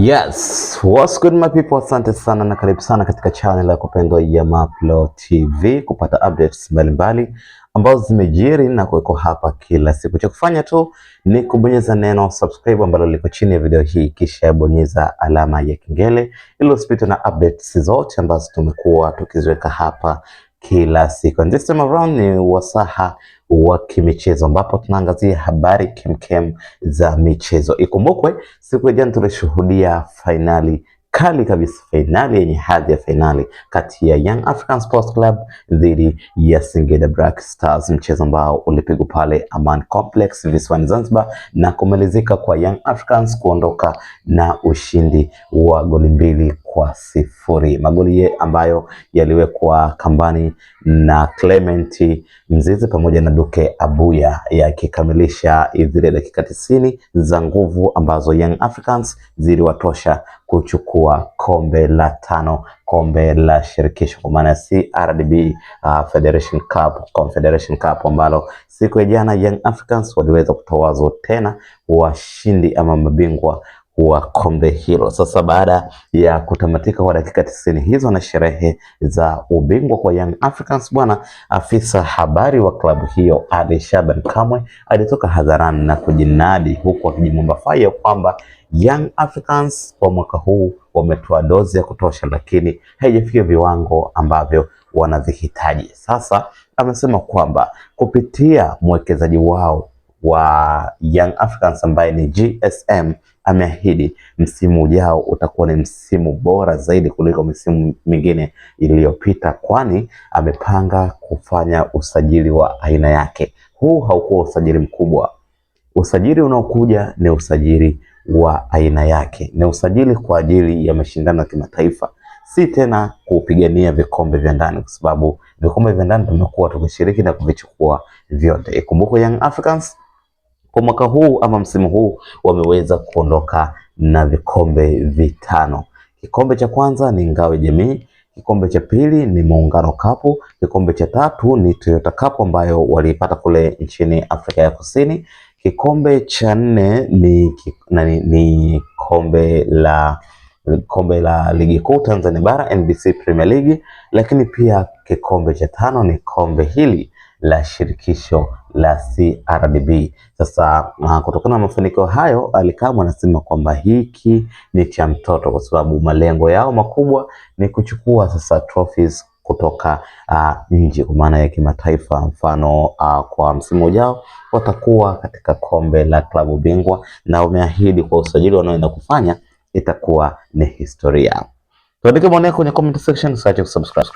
Yes, what's good my people, asante sana na karibu sana katika channel ya kupendwa ya Mapro TV kupata updates mbalimbali ambazo zimejiri na kuwekwa hapa kila siku. Cha kufanya tu ni kubonyeza neno subscribe ambalo liko chini ya video hii, kisha bonyeza alama ya kengele ili usipitwe na updates zote ambazo tumekuwa tukiziweka hapa kila siku. And this time around ni wasaha wa kimichezo ambapo tunaangazia habari kemkem za michezo. Ikumbukwe siku ya jana tulishuhudia fainali kali kabisa, fainali yenye hadhi ya fainali kati ya Young African Sports Club dhidi ya Singida Black Stars, mchezo ambao ulipigwa pale Aman Complex visiwani Zanzibar na kumalizika kwa Young Africans kuondoka na ushindi wa goli mbili kwa sifuri. Magoli ambayo yaliwekwa kambani na Clement Mzizi pamoja na Duke Abuya yakikamilisha zile dakika tisini za nguvu ambazo Young Africans ziliwatosha kuchukua kombe la tano, kombe la shirikisho kwa maana CRDB uh, Federation Cup, Confederation Cup ambalo siku ya jana Young Africans waliweza kutawazwa tena washindi ama mabingwa wa kombe hilo. Sasa baada ya kutamatika kwa dakika tisini hizo na sherehe za ubingwa kwa Young Africans, bwana afisa habari wa klabu hiyo Ali Shaban Kamwe alitoka hadharani na kujinadi huku akijimwamba fayo kwamba Young Africans kwa mwaka huu wametoa dozi ya kutosha, lakini haijafikia viwango ambavyo wanavihitaji. Sasa amesema kwamba kupitia mwekezaji wao wa Young Africans ambaye ni GSM ameahidi msimu ujao utakuwa ni msimu bora zaidi kuliko misimu mingine iliyopita, kwani amepanga kufanya usajili wa aina yake. Huu haukuwa usajili mkubwa. Usajili unaokuja ni usajili wa aina yake, ni usajili kwa ajili ya mashindano ya kimataifa, si tena kupigania vikombe vya ndani, kwa sababu vikombe vya ndani tumekuwa tukishiriki na kuvichukua vyote. Ikumbukwe Young Africans kwa mwaka huu ama msimu huu wameweza kuondoka na vikombe vitano. Kikombe cha kwanza ni Ngawe Jamii, kikombe cha pili ni Muungano Cup, kikombe cha tatu ni Toyota Cup ambayo waliipata kule nchini Afrika ya Kusini, kikombe cha nne ni, ni, ni kombe la kombe la ligi kuu Tanzania bara NBC Premier League, lakini pia kikombe cha tano ni kombe hili la shirikisho la CRDB. Sasa uh, kutokana na mafanikio hayo, Alikamwe anasema kwamba hiki ni cha mtoto, kwa sababu malengo yao makubwa ni kuchukua sasa trophies kutoka uh, nje kwa maana ya kimataifa. Mfano uh, kwa msimu ujao watakuwa katika kombe la klabu bingwa, na wameahidi kwa usajili wanaoenda kufanya itakuwa ni historia. Tuandike maoni yako kwenye comment section, usiache kusubscribe.